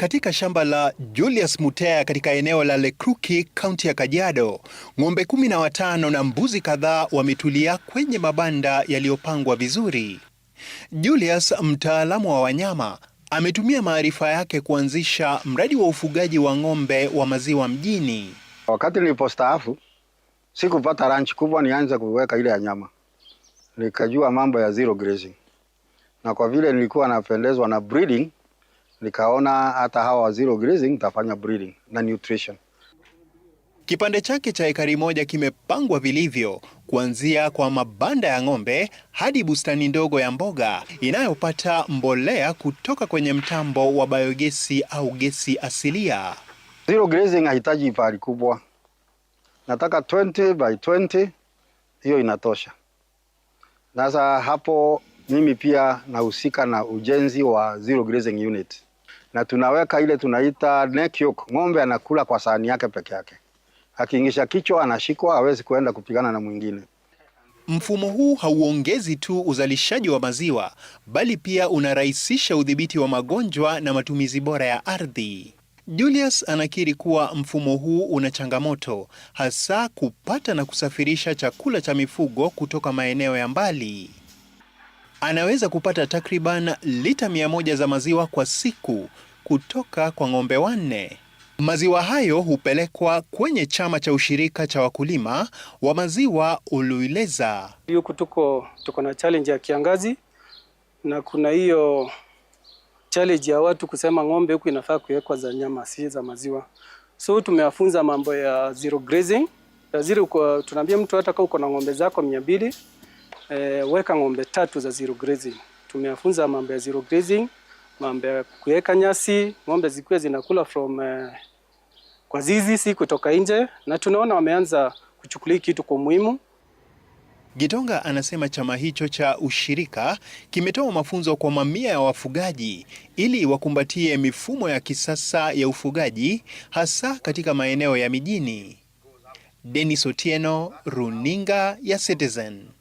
Katika shamba la Julius Mutea katika eneo la Lekruki, kaunti ya Kajiado, ng'ombe kumi na watano na mbuzi kadhaa wametulia kwenye mabanda yaliyopangwa vizuri. Julius, mtaalamu wa wanyama, ametumia maarifa yake kuanzisha mradi wa ufugaji wa ng'ombe wa maziwa mjini. Wakati nilipostaafu sikupata ranch kubwa nianze kuweka ile ya nyama, nikajua mambo ya zero grazing, na kwa vile nilikuwa napendezwa na breeding nikaona hata hawa zero grazing tafanya breeding na nutrition. Kipande chake cha ekari moja kimepangwa vilivyo kuanzia kwa mabanda ya ng'ombe hadi bustani ndogo ya mboga inayopata mbolea kutoka kwenye mtambo wa biogesi au gesi asilia. Zero grazing hahitaji hifari kubwa, nataka 20 by 20, hiyo inatosha. Sasa hapo mimi pia nahusika na ujenzi wa zero grazing unit na tunaweka ile tunaita neck yoke. Ng'ombe anakula kwa sahani yake peke yake, akiingisha kichwa anashikwa, hawezi kuenda kupigana na mwingine. Mfumo huu hauongezi tu uzalishaji wa maziwa bali pia unarahisisha udhibiti wa magonjwa na matumizi bora ya ardhi. Julius anakiri kuwa mfumo huu una changamoto hasa kupata na kusafirisha chakula cha mifugo kutoka maeneo ya mbali anaweza kupata takriban lita mia moja za maziwa kwa siku kutoka kwa ng'ombe wanne. Maziwa hayo hupelekwa kwenye chama cha ushirika cha wakulima wa maziwa Uluileza. Huku tuko, tuko na challenge ya kiangazi na kuna hiyo challenge ya watu kusema ng'ombe huku inafaa kuwekwa za nyama si za maziwa, so tumewafunza mambo ya zero grazing. Ya zero tunaambia mtu hata kama uko na ng'ombe zako mia mbili e, weka ng'ombe tatu za zero grazing. Tumewafunza mambo ya zero grazing, mambo ya kuweka nyasi, ng'ombe zikuwe zinakula from e, kwa zizi, si kutoka nje, na tunaona wameanza kuchukulia kitu kwa muhimu. Gitonga anasema chama hicho cha ushirika kimetoa mafunzo kwa mamia ya wafugaji ili wakumbatie mifumo ya kisasa ya ufugaji hasa katika maeneo ya mijini. Denis Otieno, Runinga ya Citizen.